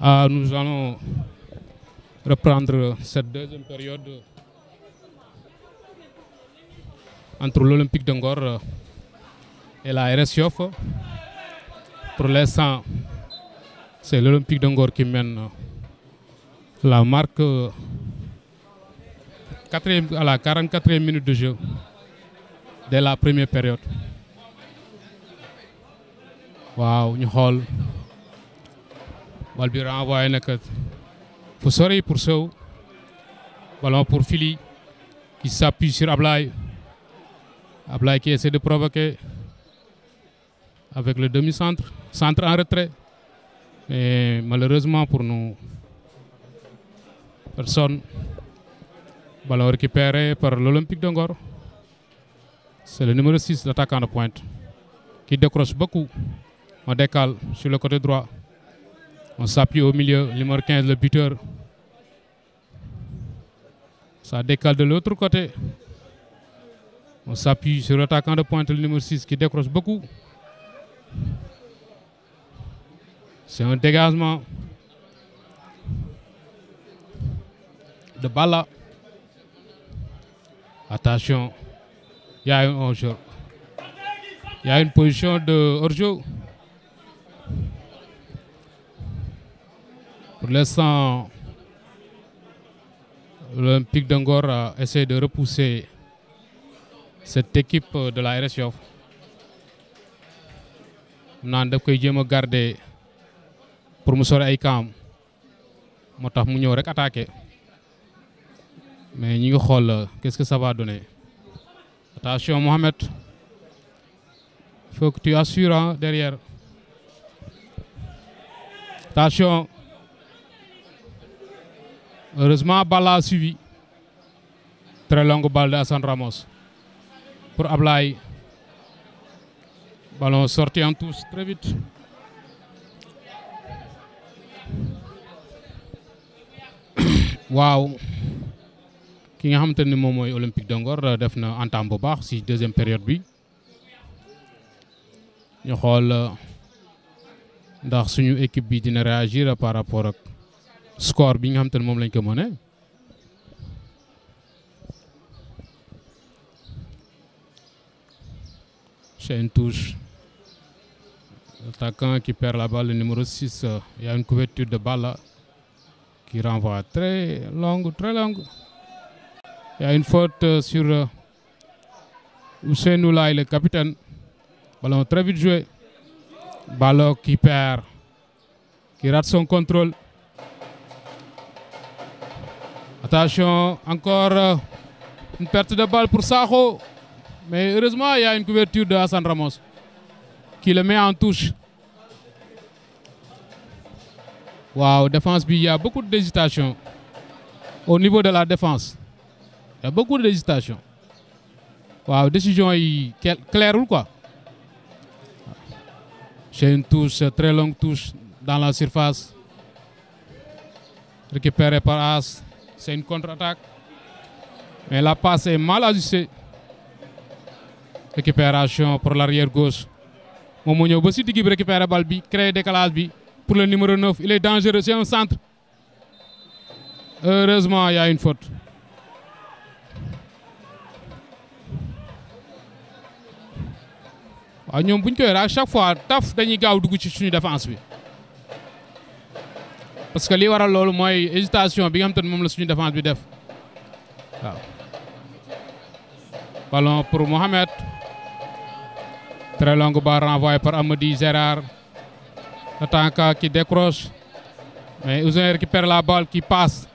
Ah, nous allons reprendre cette deuxième période entre l'Olympique d'Angor et la RSIOF. Pour l'instant, c'est l'Olympique d'Angor qui mène la marque à la 44e minute de jeu dès la première période. Waouh bal envoie une na pour Sow ballon pour Philly, qui s'appuie sur Ablaye Ablaye qui essaie de provoquer avec le demi-centre centre en retrait Et malheureusement pour nous personne ballon récupéré par l'Olympique de c'est le numéro 6 l'attaquant de pointe qui décroche beaucoup on décale sur le côté droit on s'appuie au milieu, numéro 15, le buteur. Ça décale de l'autre côté. On s'appuie sur l'attaquant de pointe, le numéro 6, qui décroche beaucoup. C'est un dégagement de Bala. Attention, il y a un Il y a une position de hors Laissant l'Olympique d'Angor essaie de repousser cette équipe de la RSF. Nous daf koy garder pour mu Aïkam, camp attaquer. attaqué mais nous qu'est-ce que ça va donner attention Mohamed il faut que tu assures hein, derrière attention. Heureusement, balle a suivi. Très longue balle de Ramos. Pour Ablaï. Ballon sorti en tous très vite. Wow. Qui nga xamante ni moom Olympique de a euh, def na entame deuxième période bi ñu xool euh, ndax suñu équipe bi a réagir par rapport à score bi nga xam ne une touche. attaquant qui perd la balle, le numéro 6, euh, il y a une couverture de balle qui renvoie très longue, très longue. Il y a une faute euh, sur nous euh, Hussein et le capitaine. Ballon très vite joué. Ballon qui perd, qui rate son contrôle encore euh, une perte de balle pour Sarro, Mais heureusement, il y a une couverture de Hassan Ramos qui le met en touche. Waouh, défense, il y a beaucoup d'hésitation au niveau de la défense. Il y a beaucoup d'hésitation. Waouh, décision claire ou quoi C'est une touche, très longue touche dans la surface. Récupérée par As. C'est une contre-attaque. Mais la passe est mal ajustée. Récupération pour l'arrière gauche. Momonio Bossi qui récupère la balle, crée décalage pour le numéro 9. Il est dangereux, c'est un centre. Heureusement, il y a une faute. ñoom Bunker, à chaque fois taf dañuy ou dugg ci suñu défense parce que li waral lolou moy hésitation bi nga xam le la défense bi def ballon pour Mohamed très longue barre renvoyée par Amadi Gérard Tanka qui décroche mais qui récupère la balle qui passe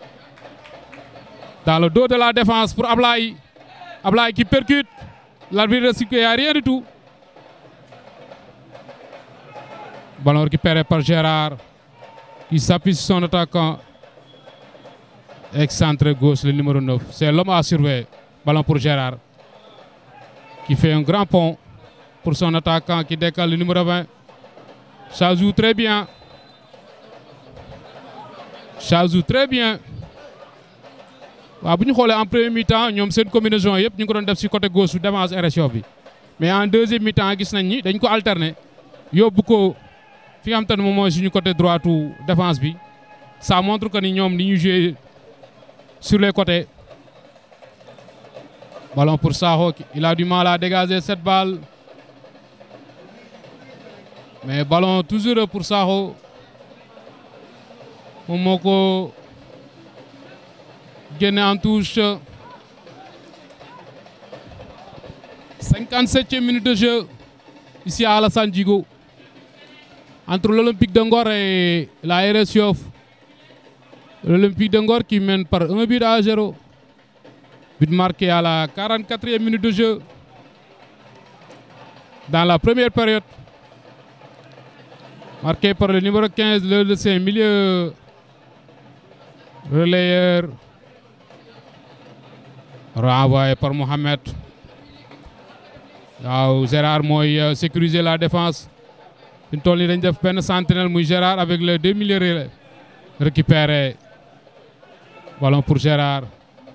dans le dos de la défense pour Ablaye Ablaye qui percute l'arbitre de ce il n'y rien du tout. Ballon récupéré par Gérard. Il s'appuie sur son attaquant. centre gauche, le numéro 9. C'est l'homme à surveiller. Ballon pour Gérard. Qui fait un grand pont pour son attaquant qui décale le numéro 20. Ça joue très bien. Ça joue très bien. en premier mi-temps c'est une combinaison Nous ñu ko côté gauche mais en deuxième mi-temps nous nañ ni dañ ko alterner fi nga moment où ne moom mooy suñu côté défense bi ça montre que ni ñoom joué sur les côtés ballon pour Saho il a du mal à dégager cette balle mais ballon toujours pour Saho Momoko. moo en touche. 57e minute de jeu ici à Alassane Djigo entre l'Olympique d'Angore et la RSUF, L'Olympique d'Angor qui mène par un but à 0. But marqué à la 44e minute de jeu. Dans la première période. Marqué par le numéro 15, le de ses milieux. Relayeur. Renvoyé par Mohamed. Là Gérard Moy euh, sécurisé la défense. Une tournée de peine de Gérard avec le 2 milieux récupéré ballon pour Gérard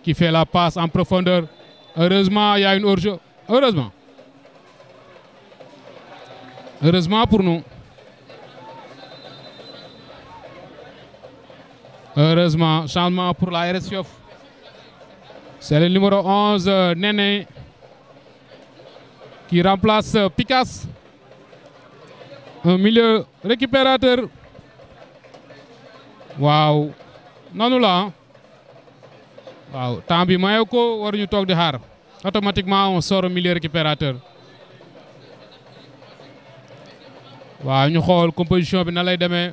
qui fait la passe en profondeur heureusement il y a une urgence. heureusement heureusement pour nous heureusement changement pour la c'est le numéro 11 Néné qui remplace Picasse un milieu récupérateur waaw noonu la ah. waaw temps bi maye ko waruñu toog di xaar automatiquement on sort au récupérateur waaw ñu xool composition bi na lay demee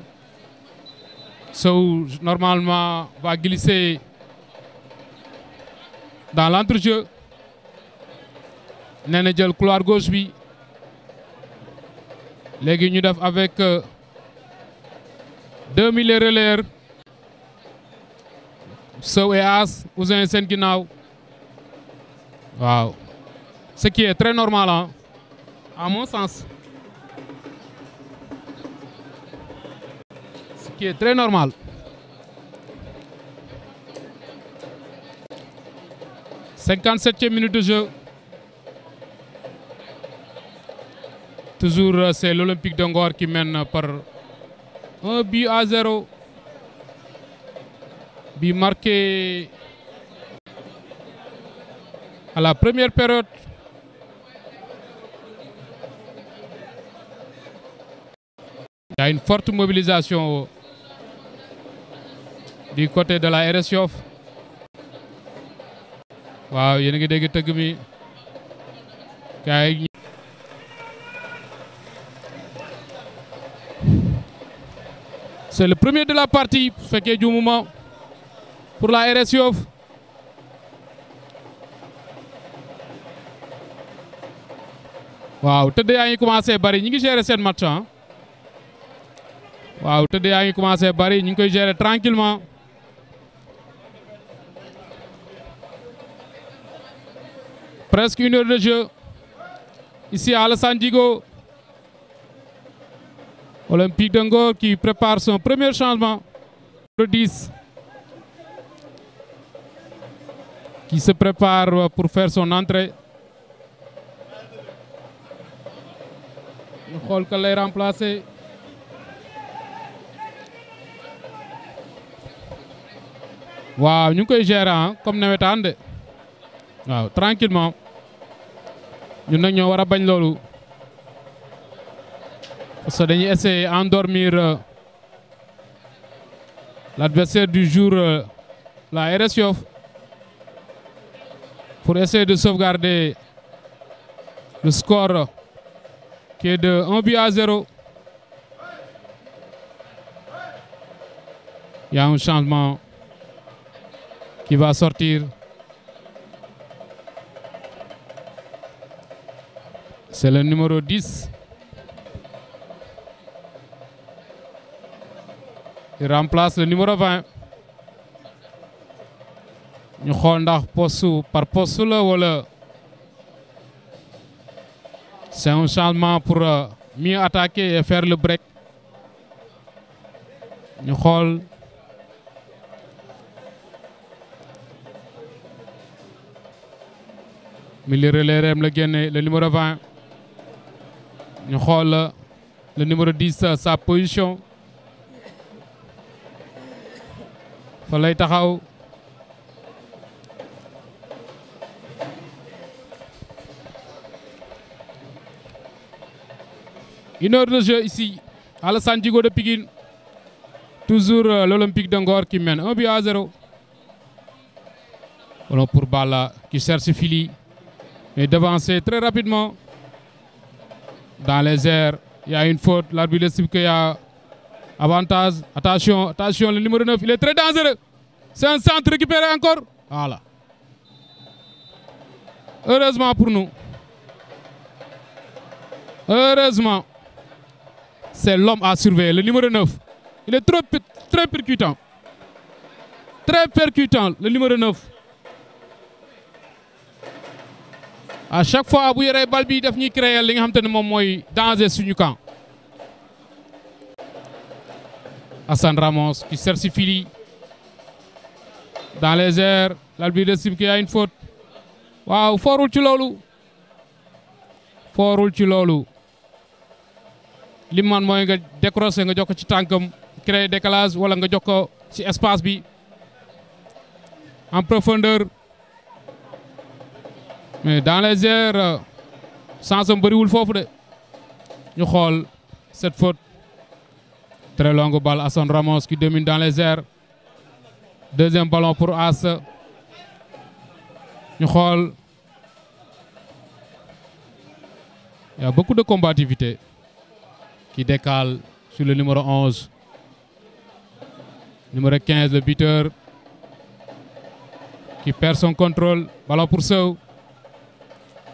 Sow normalement va glisser dans l'entrejeu nee na jël couloir gauche bi Les ñu avec 2000 mille relais Sow et As Ousin seen ginnaaw waaw ce qui est très normal hein à mon sens ce qui est très normal 57e minute de jeu Toujours, euh, c'est l'Olympique d'Angor qui mène par un but à zéro. Bi marqué à la première période. Il y a une forte mobilisation du côté de la RS C'est le premier de la partie, Feke moment pour la RSU waouh tout tëdd yaa ngi commencé bari ñi ngi gérer cette match hein. waouh tout tëdd yaa ngi commencé bari barrer, ngi gérer tranquillement presque une heure de jeu ici à Alassane Olympique d'Angor qui prépare son premier changement. Le 10 qui se prépare pour faire son entrée. Le allons les remplacer. waaw nous hein, comme nous de tranquillement nous nag ñoo war parce que essayer endormir euh, l'adversaire du jour, euh, la RS pour essayer de sauvegarder le score euh, qui est de 1 but à 0. Il y a un changement qui va sortir. C'est le numéro 10. Il remplace le numéro 20. ñu xool ndax postu par wala c'est un changement pour euh, mieux attaquer et faire le break ñu xool milieu le reem le le numéro 20 ñu xool euh, le numéro 10 euh, sa position fa taxaw une heure de jeu ici Alassane de Pigin. toujours euh, l'Olympique de qui mène 1 but à 0 Voilà pour Bala qui cherche Fili mais devancé très rapidement dans les airs il y a une faute l'arbitre estime qu'il a Avantage, attention, attention, le numéro 9, il est très dangereux. C'est un centre récupéré encore. Voilà. Heureusement pour nous. Heureusement. C'est l'homme à surveiller, le numéro 9. Il est trop, très percutant. Très percutant, le numéro 9. À chaque fois, Abouyere Balbi, il créer un danger dans les camp. Hassan Ramos qui si Sifili. Dans les airs, l'arbitre estime qu'il y a une faute. Waouh, forul ci loolu. Fort ci tu li man nga décrocher nga joko ci créer décalage wala espace en profondeur. mais dans les airs euh, sans am le de ñu xool cette faute. Très longue balle, son Ramos qui domine dans les airs. Deuxième ballon pour As. Il y a beaucoup de combativité qui décale sur le numéro 11. Numéro 15, le buteur qui perd son contrôle. Ballon pour Sou.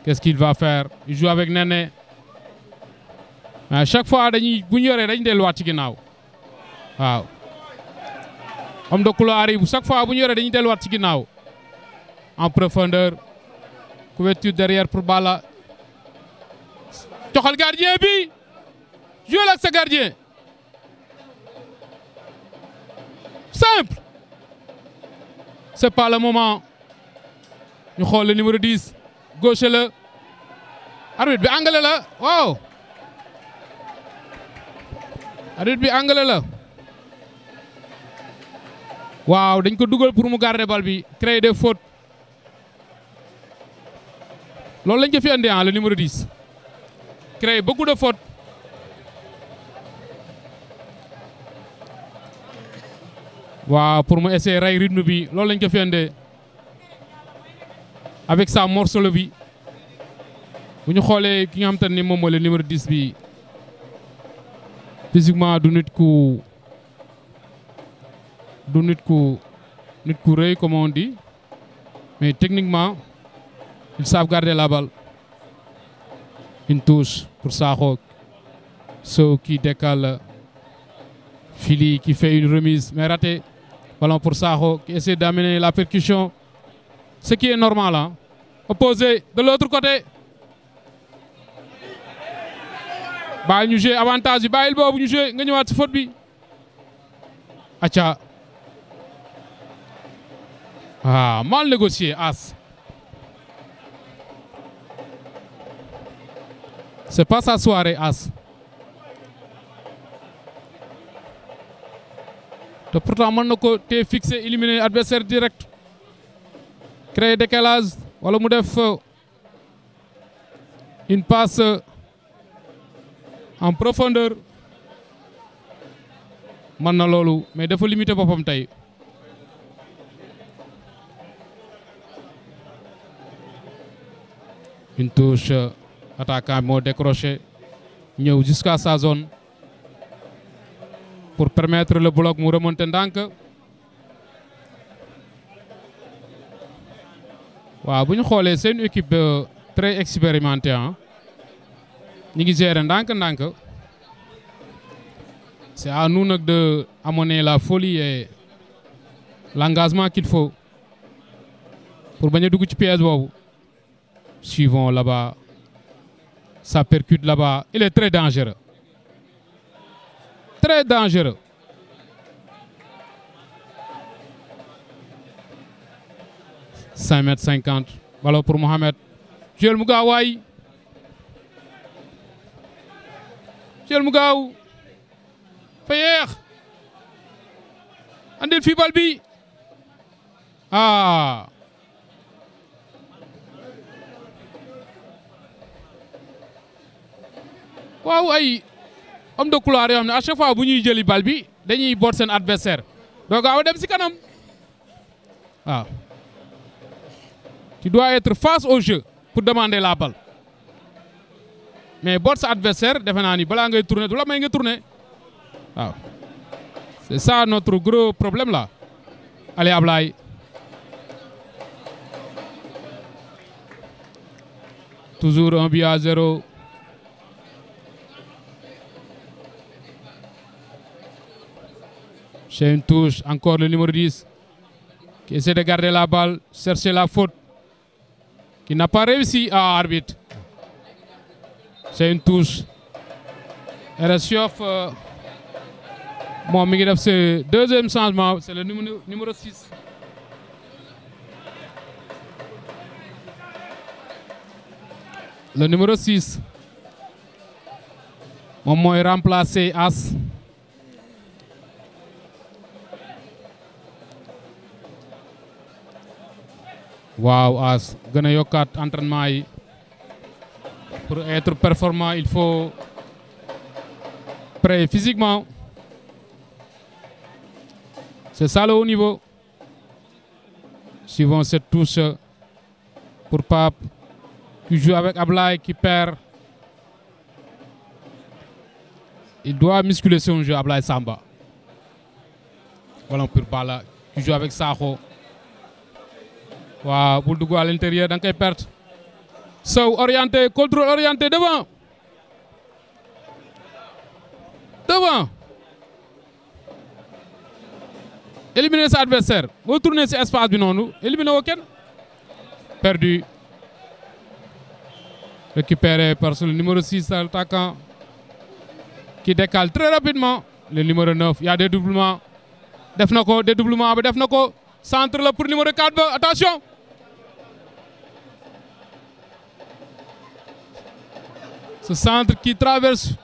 Qu'est-ce qu'il va faire Il joue avec Nene. À chaque fois, il y a des waaw homme de couloir yi chaque fois bu ñu yoree dañuy delluwaat ci ginnaaw en profondeur couverture derrière pour Balla le gardien bi joué ak sa gardien simple c'est pas le moment ñu avons le numéro 10 gauche la arbitre bi anglais la waaw arbitre bi anglais la waaw dañ ko dugal pour mu garder bal bi créer des fot loolu lañ ko fi andi ah le numéro diis créer beaucoup de fautes waaw pour mu essayer ray rythme bi loolu lañ ko fi andee avec sa morceau bi bu ñu xoolee ki nga xam te ni moom mooy le numéro 10 bi physiquement du nit ku. du nit ku comme on dit mais techniquement ils savent garder la balle une touche pour Sarok. Ceux qui décale Philly, qui fait une remise mais raté ballon pour Sarok, qui essaie d'amener la percussion ce qui est normal hein. opposé de l'autre côté Bah ñu avantage bah il va ñu jouer nga ñëwaat si faute ah, mal négocié, As. C'est pas sa soirée, As. pourtant mon na fixé éliminé, adversaire direct créer décalage wala mu def euh, une passe euh, en profondeur mën na faut mais dafa pour me tey une touche euh, attaquant moo décroché jusqu'à sa zone pour permettre le bloc de remonter dans le c'est une équipe euh, très expérimentée hein. c'est à nous d'amener de amener la folie et l'engagement qu'il faut pour venir du dugg ci pièce suivons là-bas. Ça percute là-bas. Il est très dangereux. Très dangereux. 5 mètres 50. Voilà pour Mohamed. Tuel Mugawai. Tuel Mugaw. Fayer. Andel Fibalbi. Ah. waaw ay homme de couloir yoo xam ne à chaque fois bu ñuy jëli bal bi dañuy boot seen adversaire Donc, gaaw a dem si kanam tu dois être face au jeu pour demander la balle mais boot sa adversaire defe naa ni balaa ngay tourner du la may nga tourner waaw c'est ça notre gros problème là allez Ablaye toujours un but à zéro C'est une touche, encore le numéro 10, qui essaie de garder la balle, chercher la faute, qui n'a pas réussi à arbitre. C'est une touche. RSIOF, euh, bon, c'est deuxième changement, c'est le numéro, 6. Le numéro 6, Momo est remplacé As. Wow, as gën a yokkaat entraînement pour être performant il faut prêt physiquement c'est ça le haut niveau Suivant cette touche pour Pape qui joue avec Ablay, qui perd il doit musculer son jeu Ablay Samba voilà pour Bala qui joue avec Saho Waouh, de à l'intérieur dans quelle perte orienté contrôle orienté devant devant éliminer cet adversaire Retournez sur espace bi nous. éliminer perdu récupéré par le numéro 6 attaquant qui décale très rapidement le numéro 9 il y a des doublements. Defnoko, des doublements avec Defnoko centre pour pour numéro 4 attention ce centre qui traverse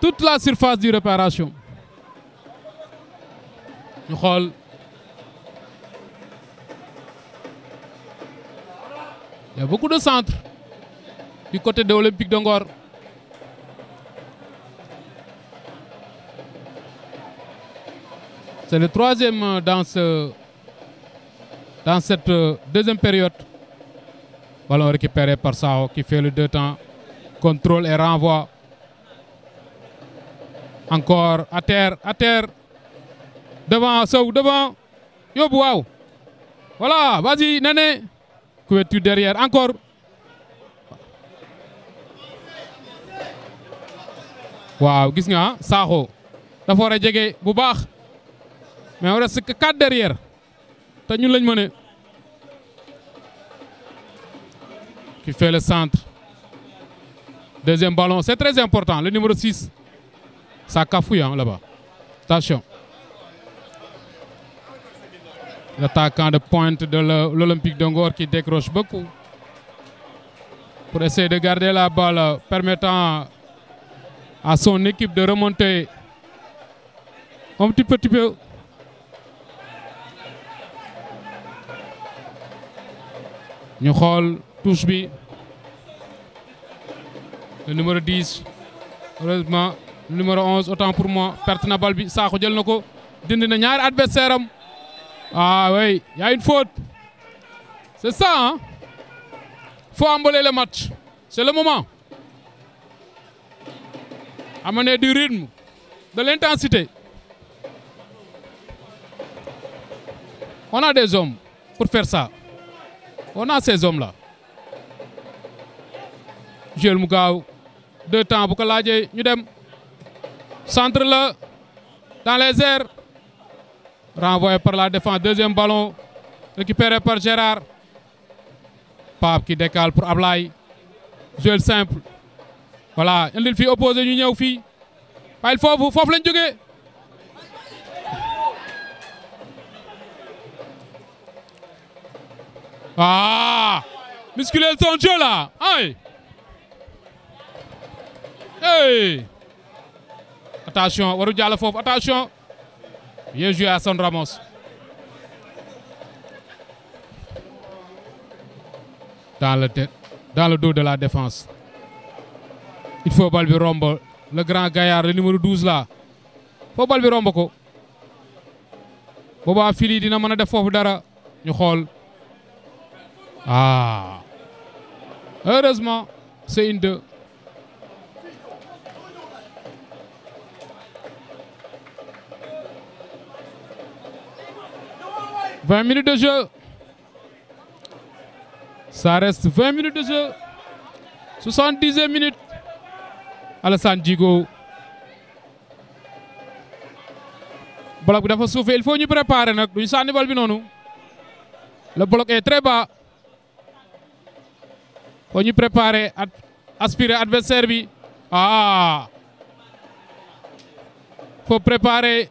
toute la surface du réparation il y a beaucoup de centres du côté de l'Olympique d'Angore. C'est le troisième euh, dans, ce, dans cette euh, deuxième période. Voilà récupéré par Sao qui fait le deux temps. Contrôle et renvoi. Encore à terre, à terre. Devant Sao, devant. Yo, Voilà, vas-y, Nene. Couverture derrière, encore. Waouh, gis nga Sao. forêt war bu mais on reste que 4 derrière te ñun qui fait le centre deuxième ballon c'est très important le numéro 6 ça cafouille hein, là-bas attention l'attaquant de pointe de l'Olympique de qui décroche beaucoup pour essayer de garder la balle permettant à son équipe de remonter un petit peu, petit peu ñu xool touche le numéro 10 heureusement le numéro 11 autant pour moi perte na bal bi dindi na ñaar ah oui y a une faute c'est ça hein faut emballer le match c'est le moment amener du rythme de l'intensité on a des hommes pour faire ça on a ces hommes-là. Jules Mougaou, deux temps pour que l'ADJ, centre le dans les airs renvoyé par la défense deuxième ballon récupéré par Gérard Pape qui décale pour Ablay. Jules simple voilà Il fii opposé fille. Il faut vous, faut Il faut Ah Musculez ton Dieu là Aïe Hey Attention, Waru Diallo attention Bien joué à Sandra Ramos dans le dans le dos de la défense il faut bal le grand gaillard le numéro 12 là Faut faut bi Il faut fili dina mën def dara ñu ah Heureusement, c'est une 2. 20 minutes de jeu. Ça reste 20 minutes de jeu. 70 minutes minute. Alassane Djigo. bloc d'affaires il faut nous préparer le bloc est très bas. On y préparer à aspirer adversaire bi ah faut préparer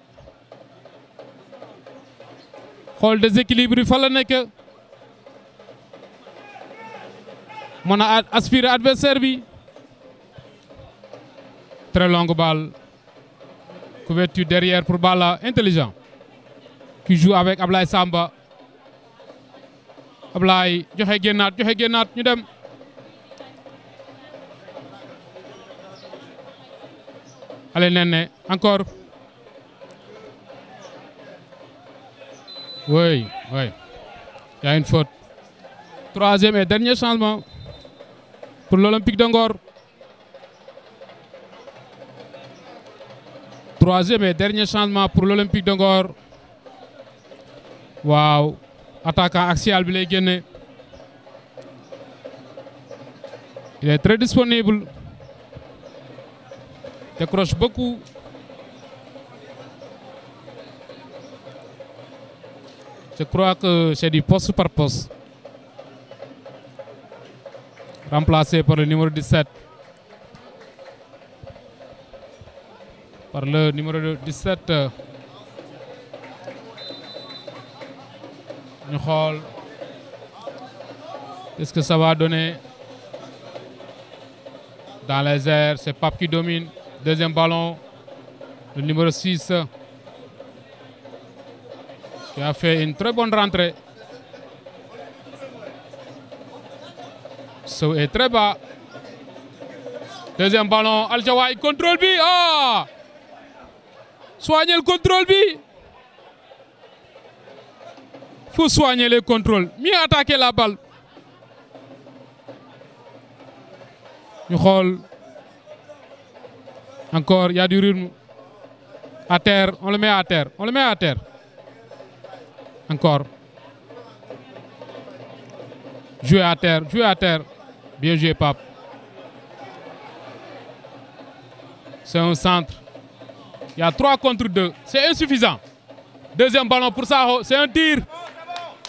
le déséquilibre Il que, a aspirer adversaire très longue balle couverture derrière pour Balla intelligent qui joue avec Ablay Samba Ablaye je vais joxe génnaat Nous dem Allez Nene, encore. Oui, oui. Il y a une faute. Troisième et dernier changement pour l'Olympique d'Angor. Troisième et dernier changement pour l'Olympique d'Angor. Waouh. Attaquant axial Il est très disponible décroche beaucoup. Je crois que c'est du poste par poste. Remplacé par le numéro 17. Par le numéro 17. Nous Qu'est-ce que ça va donner dans les airs C'est Pape qui domine. Deuxième ballon, le numéro 6 qui a fait une très bonne rentrée. So est très bas. Deuxième ballon, al -Jawai, contrôle B. Ah Soignez le contrôle B. faut soigner le contrôle. Mieux attaquer la balle. Nous encore, il y a du rythme. À terre, on le met à terre. On le met à terre. Encore. Jouer à terre, jouer à terre. Bien joué, Pape. C'est un centre. Il y a trois contre deux. C'est insuffisant. Deuxième ballon pour ça. C'est un tir.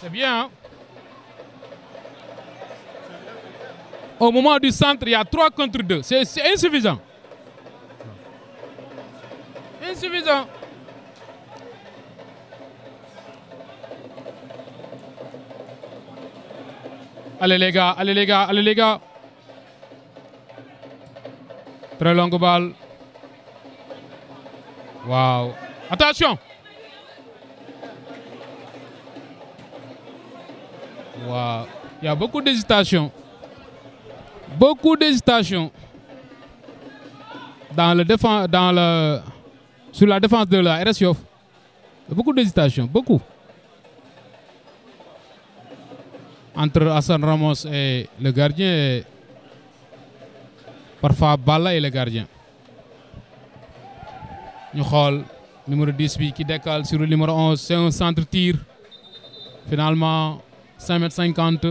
C'est bien. Hein. Au moment du centre, il y a trois contre deux. C'est insuffisant suffisant Allez les gars, allez les gars, allez les gars. Très longue balle. Waouh. Attention. Waouh. Il y a beaucoup d'hésitation. Beaucoup d'hésitation. Dans le défense, dans le sur la défense de la RS Beaucoup d'hésitation, beaucoup. Entre Hassan Ramos et le gardien, parfois Bala et le gardien. Nous numéro 18 qui décale sur le numéro 11, c'est un centre-tir. Finalement, 5 m 50.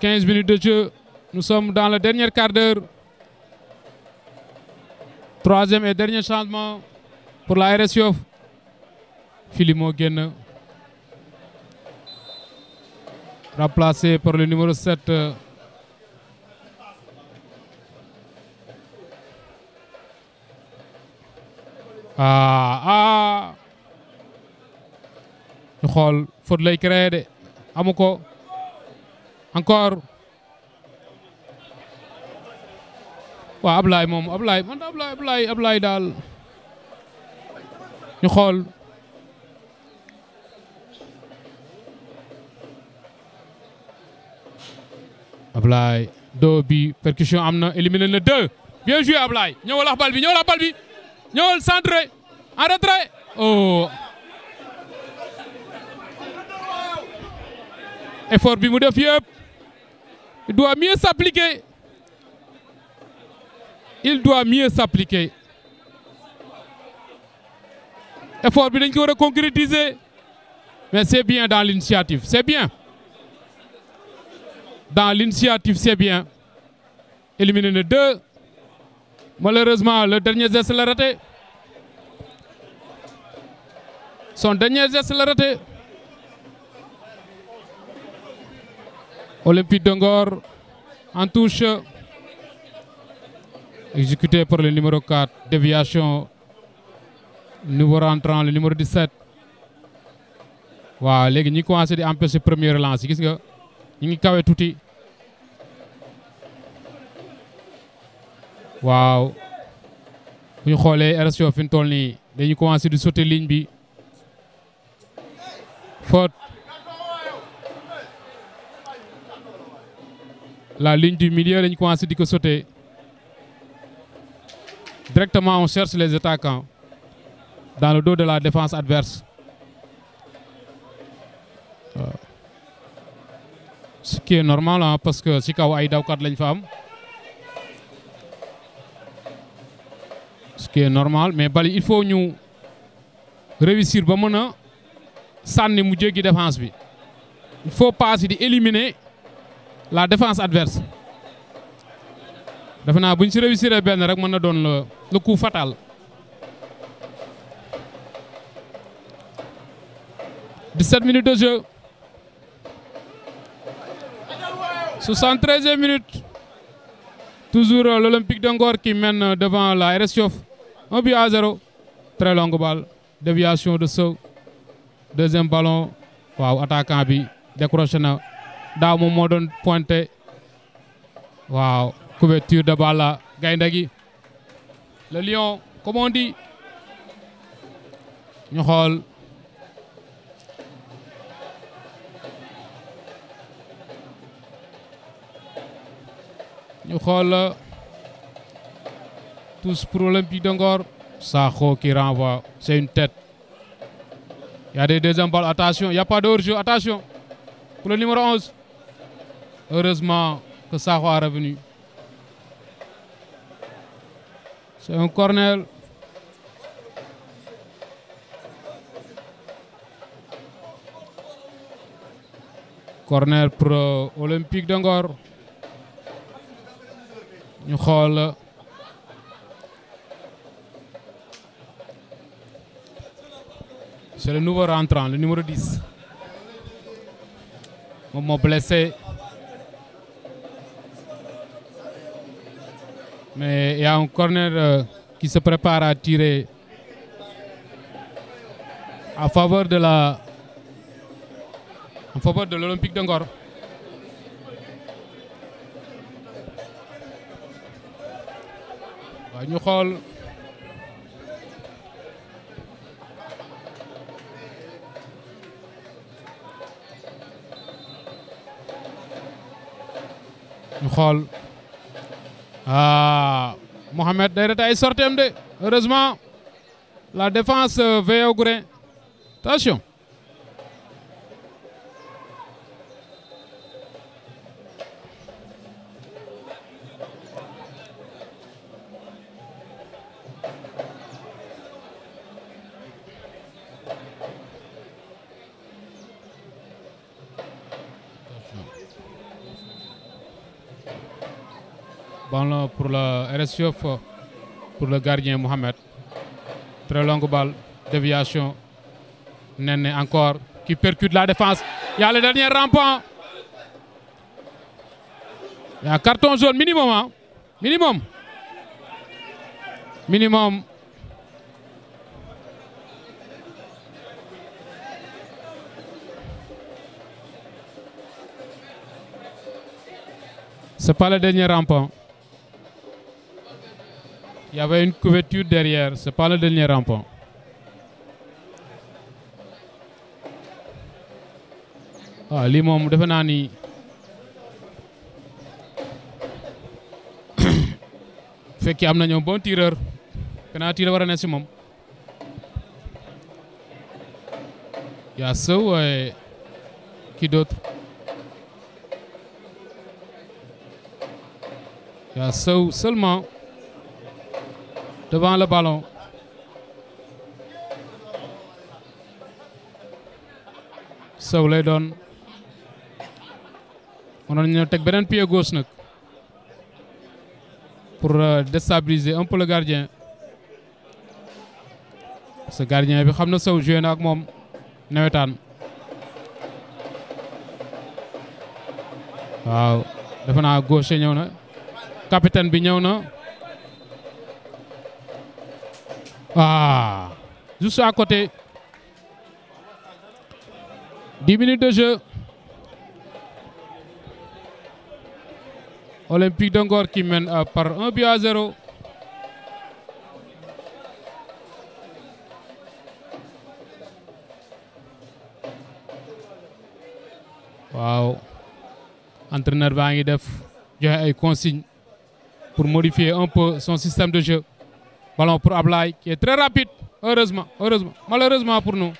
15 minutes de jeu. Nous sommes dans le dernier quart d'heure. Troisième et dernier changement pour la RSIOF. Philippe Remplacé par le numéro 7. Euh, ah, ah. Nous encore Wa ablay mom Ablay, man Ablay. Ablay, Ablay, dal. ñu xol Ablay, do bi percussion Amna, éliminé 2. deux bien joué ablay. ñewal la balle, bi ñewal la balle. bi ñewal centré en retrait oh effort bi mu def il doit mieux s'appliquer. Il doit mieux s'appliquer. Il faut bien qu'il concrétiser mais c'est bien dans l'initiative c'est bien dans l'initiative c'est bien Éliminer les deux malheureusement le dernier geste l'a raté son dernier geste l'a raté Olympique de en touche. Exécuté par le numéro 4, déviation. Nouveau rentrant, le numéro 17. waaw léegi ont commencé à empêcher premier relance Ils ont ñi ngi kawe ont waaw bu ñu xoolee RSO fi Ils ont commencé à sauter ligne faute La ligne du milieu, ligne dit que sauter. Directement, on cherche les attaquants dans le dos de la défense adverse. Euh, ce qui est normal hein, parce que si Kawaii Aïda ou femme. Ce qui est normal, mais il faut nous réussir. moment sans nous défense. Il faut pas éliminer la défense adverse si le coup fatal. 17 minutes de jeu 73 e minute toujours l'Olympique de qui mène devant la RS un but à zéro très longue balle déviation de saut. deuxième ballon attaque attaquant bi décroché daw mon mo don pointé waaw couverture de balle là. gaynde le lion comme on dit ñu xol ñu xol tous pour Olympique de Ngor qui renvoie c'est une tête il y a des deuxième balles attention il n'y a pas d'urgence attention pour le numéro 11 Heureusement que ça a revenu. C'est un cornel. Cornel pour euh, Olympique d'Angor. Une c'est le nouveau rentrant le numéro 10 On m'a blessé Mais il y a un corner euh, qui se prépare à tirer à faveur de la en faveur de l'Olympique d'Angor ah Mohamed Dereta est sorti heureusement la défense euh, veille au grain attention sur pour le gardien Mohamed. Très longue balle, déviation. Nene encore qui percute la défense. Il y a le dernier rampant. Il y a un carton jaune minimum. Hein. Minimum. Minimum. C'est pas le dernier rampant. Il y avait une couverture derrière, c'est pas le dernier rampant. Ah, les moom defe Fait ni y a un bon tireur un tireur un a Il y a yaa qui d'autre Il y a ou seulement devant le ballon. Sow lay doon mënoon nañu teg beneen pied gauche nag pour euh, déstabiliser un peu le gardien parce gardien bi xam na Sow joué na ak moom nawetaan waaw defe naa gauche ñëw na capitaine bi ñëw na. Ah, juste à côté. 10 minutes de jeu. Olympique d'Angor qui mène euh, par 1 but à 0. Wow entraîneur baa il def a ay consignes pour modifier un peu son système de jeu Ballon pour Ablaye qui est très rapide. Heureusement, heureusement. Malheureusement pour nous.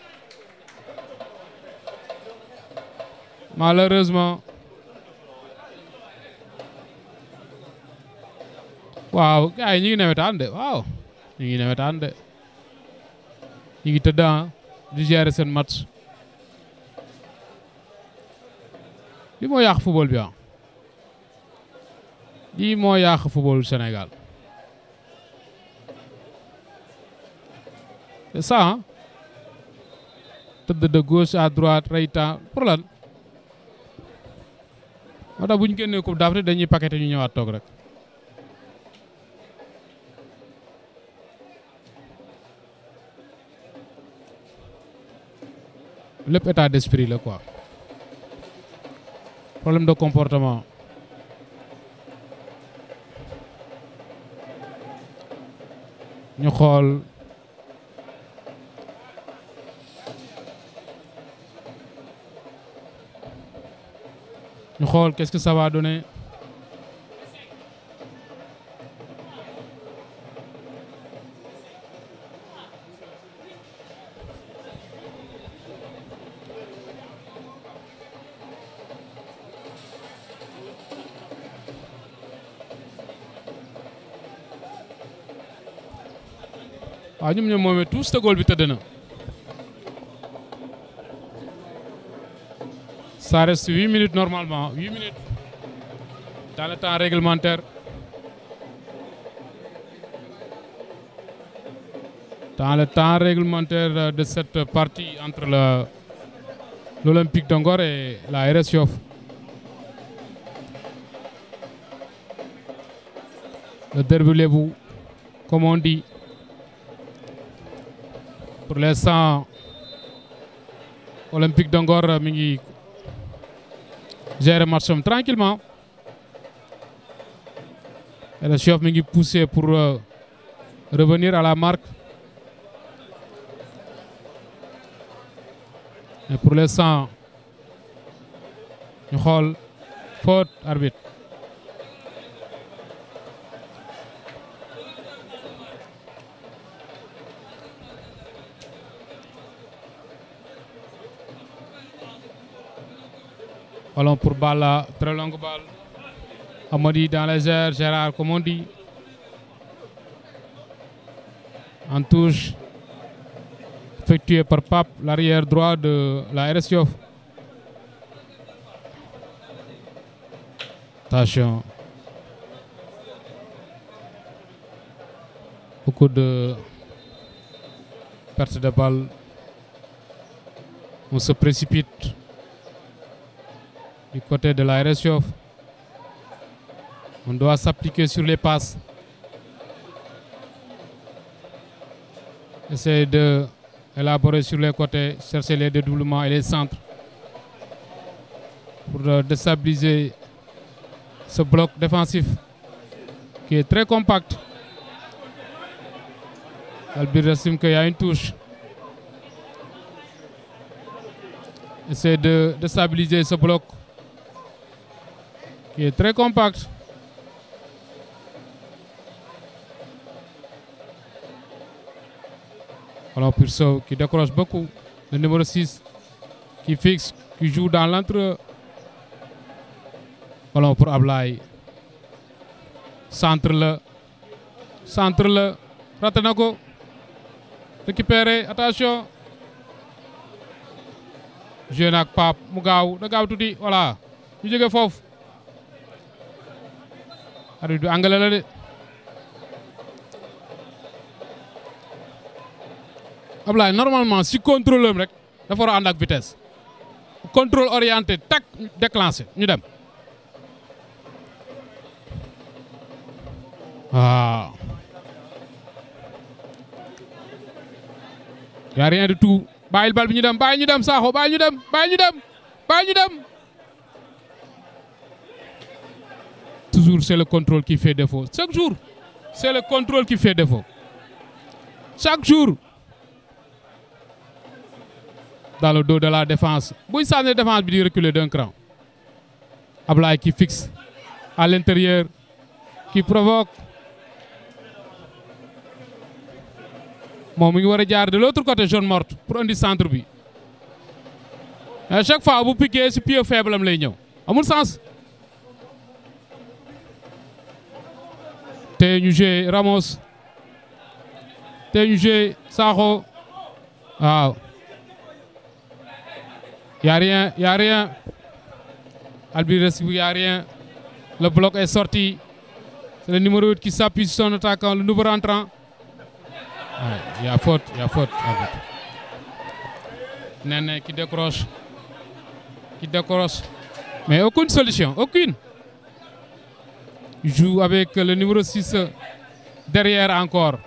Malheureusement. waaw gars yi ñu ngi nawetaan de waaw ñu ngi nawetaan de ñu ngi tëdd ah, di gérer seen match li moo yàq football bi ah lii moo yàq footballu senegal C'est ça, hein de gauche à droite reyta pour là. moo tax bu ñu génnee coupe d'Afrique dañuy paqueté ñu ñëwaat toog rek lépp état d'esprit là, quoi problème de comportement ñu xool xool qu'est-ce que ça va donner ñoom ñoom moom bi tëdd na Ça reste 8 minutes normalement. 8 minutes dans le temps réglementaire. Dans le temps réglementaire euh, de cette partie entre l'Olympique d'Angor et la RS Le derby vous comme on dit. Pour l'instant, Olympique d'Angor, euh, j'ai remarché tranquillement le chef m'a dit poussé pour euh, revenir à la marque Et pour l'instant nous xool faute arbitre Allons pour balle très longue balle. Amadi dans les airs, Gérard comme on dit. En touche, effectué par Pape, l'arrière droit de la RSIOF. Attention. Beaucoup de pertes de balles. On se précipite du côté de la On doit s'appliquer sur les passes. Essayer de élaborer sur les côtés, chercher les dédoublements et les centres pour euh, déstabiliser ce bloc défensif qui est très compact. Albir estime qu'il y a une touche. Essayer de déstabiliser ce bloc il est très compact. Alors Purceau qui décroche beaucoup. Le numéro 6 qui fixe, qui joue dans l'entre. Alors, pour Ablaï. Centre-le. Centre-le. Ratanago. Récupéré. Attention. Jeunac, Pap. Pape Mougaou, gaaw tout dit. voilà ñu jóge arbitre bi angale Ablaye normalement si contrôle am rek dafa war a vitesse contrôle orienté tac déclenché ñu dem il ah. y a rien du tout Bail, bail, bi ñu dem bàyyi ñu dem Sakho bàyyi ñu dem bàyyi ñu dem ñu dem c'est le contrôle qui fait défaut. Chaque jour, c'est le contrôle qui fait défaut. Chaque jour, dans le dos de la défense, la défense il reculer d'un cran. Ablaï qui fixe à l'intérieur, qui provoque. Mon de l'autre côté, jeune morte, pour un centre. À chaque fois, vous piquez, c'est pied faible. À mon sens. TNUG Ramos TNUG Sarro, il Yarien, a rien n'y a rien il n'y a rien le bloc est sorti c'est le numéro 8 qui s'appuie sur son attaquant le nouveau rentrant il y a faute il y a faute Nené qui décroche qui décroche mais aucune solution aucune joue avec le numéro 6 derrière encore.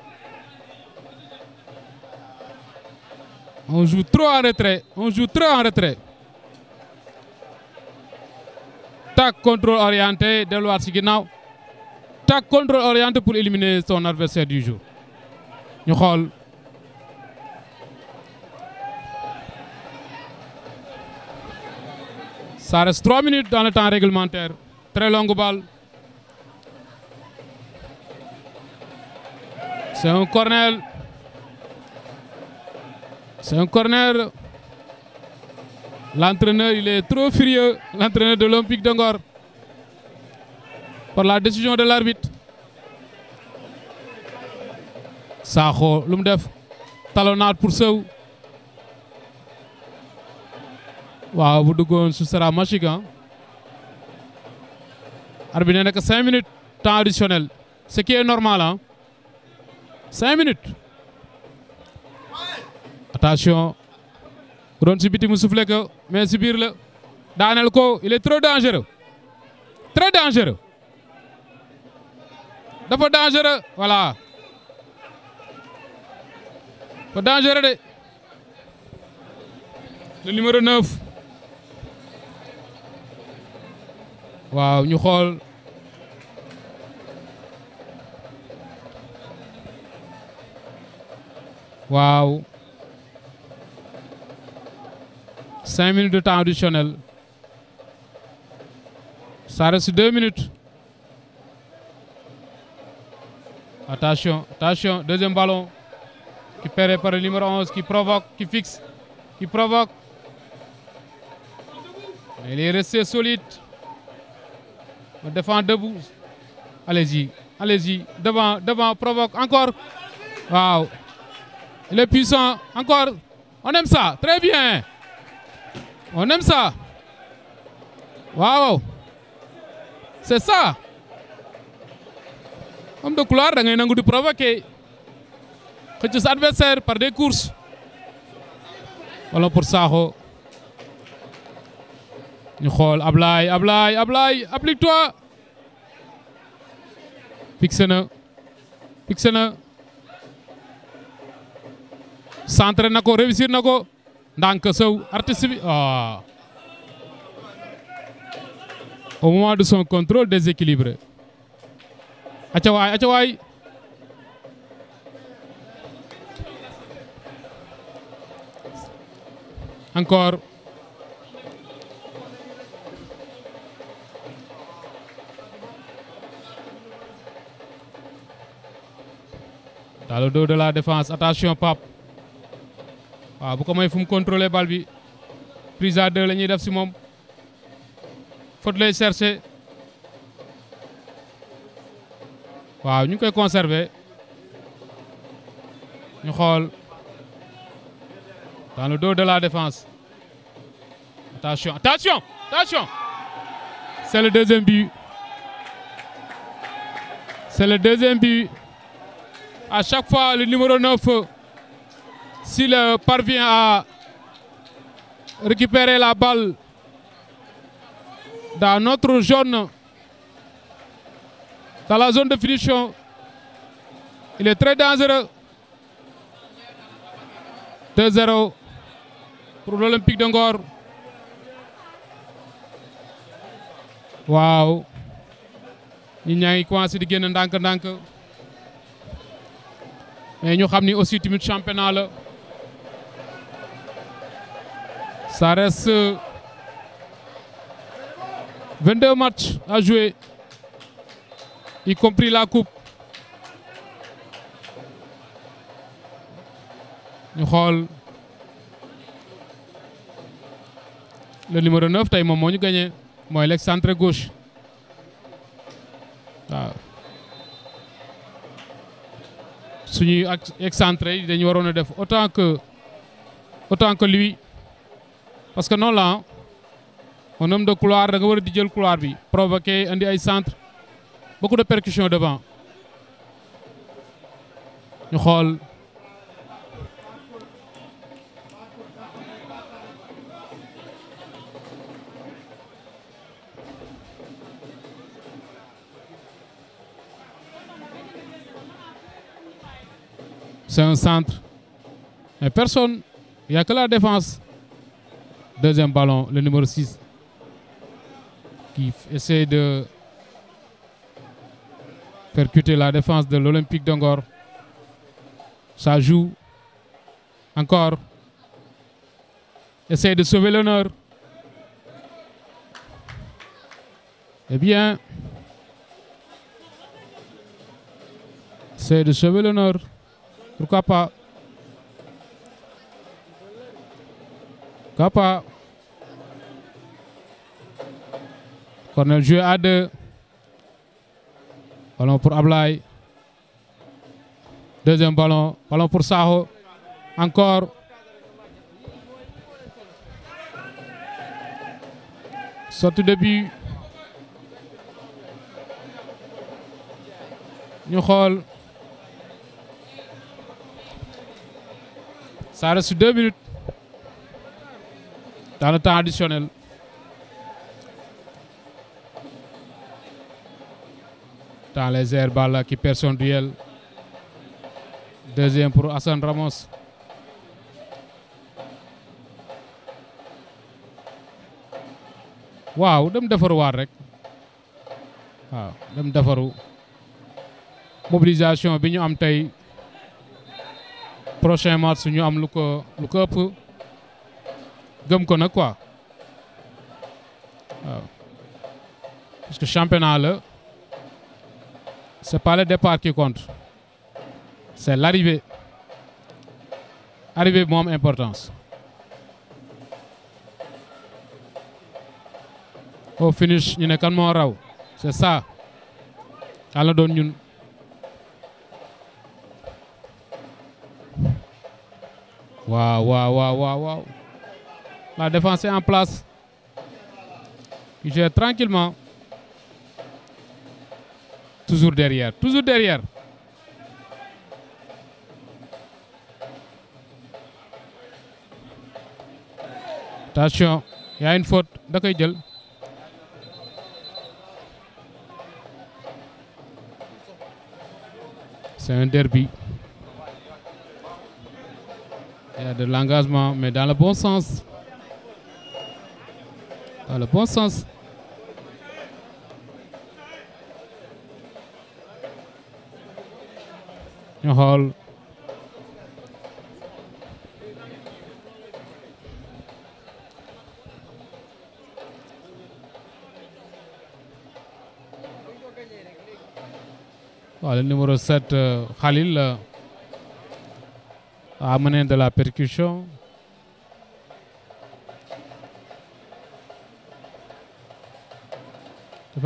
On joue trop en retrait. On joue trop en retrait. Tac, contrôle orienté, Tac, contrôle orienté pour éliminer son adversaire du jour. Nous Ça reste 3 minutes dans le temps réglementaire. Très longue balle. C'est un corner. C'est un corner. L'entraîneur, il est trop furieux, l'entraîneur de l'Olympique d'Angor, par la décision de l'arbitre. Saho, Lumdef, Talonard pour ce. Waouh, vous Boudougon, ce sera magique. Hein. n'a que 5 minutes, temps additionnel. Ce qui est normal. Hein. cinq minutes attention ron si biti mu soufflé ko mais si biir la daaneel ko il est trop dangereux très dangereux dafa dangereux voilà dafa dangereux de le numéro 9 waaw ñu xool Waouh. cinq minutes de temps additionnel ça reste deux minutes attention attention deuxième ballon qui perd par le numéro 11 qui provoque qui fixe qui provoque il est resté solide on défend debout allez-y allez-y devant devant provoque encore Waouh. Il est puissant. Encore. On aime ça. Très bien. On aime ça. Waouh. C'est ça. On de couloir, da ngay nangu de provoquer que sa adversaire par des courses Voilà pour ça. Nous xool ablay, ablay, ablay, applique-toi Fixe-le. Fixe-le. centré na ko réussir na ko ndànk sow artiste bi ah. au de son contrôle déséquilibré acawaay acawaay encore dans le de la défense attention Pape waaw bu ko may contrôler Balbi prise à deux la ñuy def faut moom chercher Nous ñu koy conserver ñu dans le dos de la défense attention attention attention c'est le deuxième but c'est le deuxième but à chaque fois le numéro 9 s'il euh, parvient à récupérer la balle dans notre zone, dans la zone de finition, il est très dangereux. 2-0 pour l'Olympique d'Angor. Waouh Il a ngi commencé un génn Et nous mais nous avons ni aussi tamit championnat Ça reste 22 matchs à jouer, y compris la coupe. Nous le numéro 9 c'est le moment ñu gagné mooy l'excentre gauche waaw suñuy excentré yi dañu waroon autant que autant que lui parce que non là, un homme de couloir da nga de couloir bi provoquer indi ay centre beaucoup de percussions devant ñu xol c'est un centre mais personne il n'y a que la défense Deuxième ballon, le numéro 6 qui essaie de percuter la défense de l'Olympique d'Angor. Ça joue encore. Essaie de sauver l'honneur. Eh bien, essaye de sauver l'honneur. Pourquoi pas Papa. Corner joué à deux. Ballon pour Ablaï. Deuxième ballon. Ballon pour Saho. Encore. Sortie de but. Nous xool ça reste deux minutes dans le temps additionnel. Dans les airs, Balla qui perd son duel. Deuxième pour Hassan Ramos. waaw dem defaruwaat rek waaw dem defaru mobilisation bi ñu am tey prochain match ñu am lu ko o ko gëm ko connais quoi parce que championnat ce c'est pas le départ qui compte c'est l'arrivée arrivée bi am importance au finish ñu ne kan mo raw c'est ça yàlla doon ñun waaw waaw waaw waaw waaw la défense en place. Il gère tranquillement. Toujours derrière, toujours derrière. Attention, il y a une faute. de C'est un derby. Il y a de l'engagement, mais dans le bon sens le bon sens. le numéro 7 euh, Khalil euh, a amené de la percussion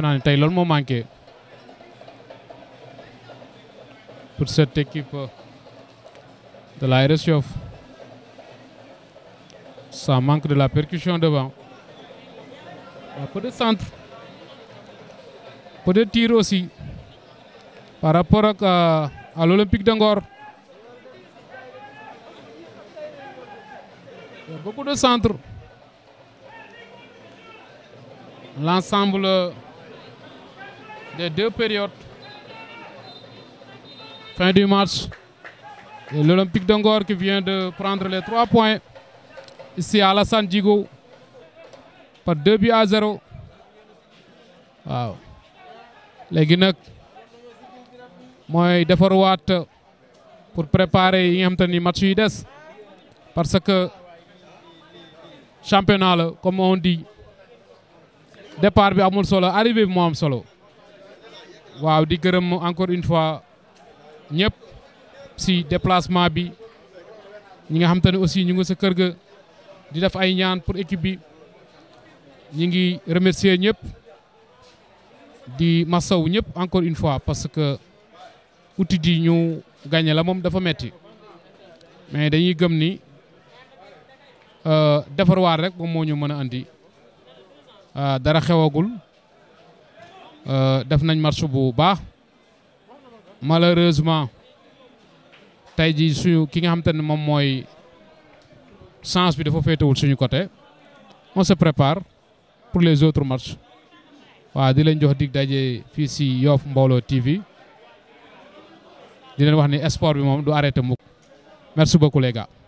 ne manqué pour cette équipe euh, de l'ARS ça manque de la percussion devant un peu de centre peu de tir aussi par rapport à, euh, à l'Olympique de beaucoup de centre. l'ensemble euh, les deux périodes. Fin du match. L'Olympique d'Angore qui vient de prendre les trois points. Ici à Alassane Diego, Par 2 buts à 0. Les léegi nag à pour préparer yi parce que championnat comme on dit départ bi amul solo arrivée bi solo waaw di gërëm encore une fois ñëpp si déplacement bi ñi nga xam tane aussi ñu ngi sa kër ga di def ay ñaan pour équipe bi ñi ngi remercier ñëpp di massaw ñëpp encore une fois parce que outil di ñu gagné la moom dafa metti mais dañuy gëm ni euh, defarwaar rek moom moo ñu mën a andi euh, dara xewagul Euh, def nañ match bu baax malheureusement tey jii suñu ki nga xam ne moom mooy chance bi dafa féetewul suñu côté on se prépare pour les autres matchs waaw di lañ jox dig daje fii si Yoff Mbollo TV di leen wax ni sport bi moom du arrêté mukk merci beaucoup les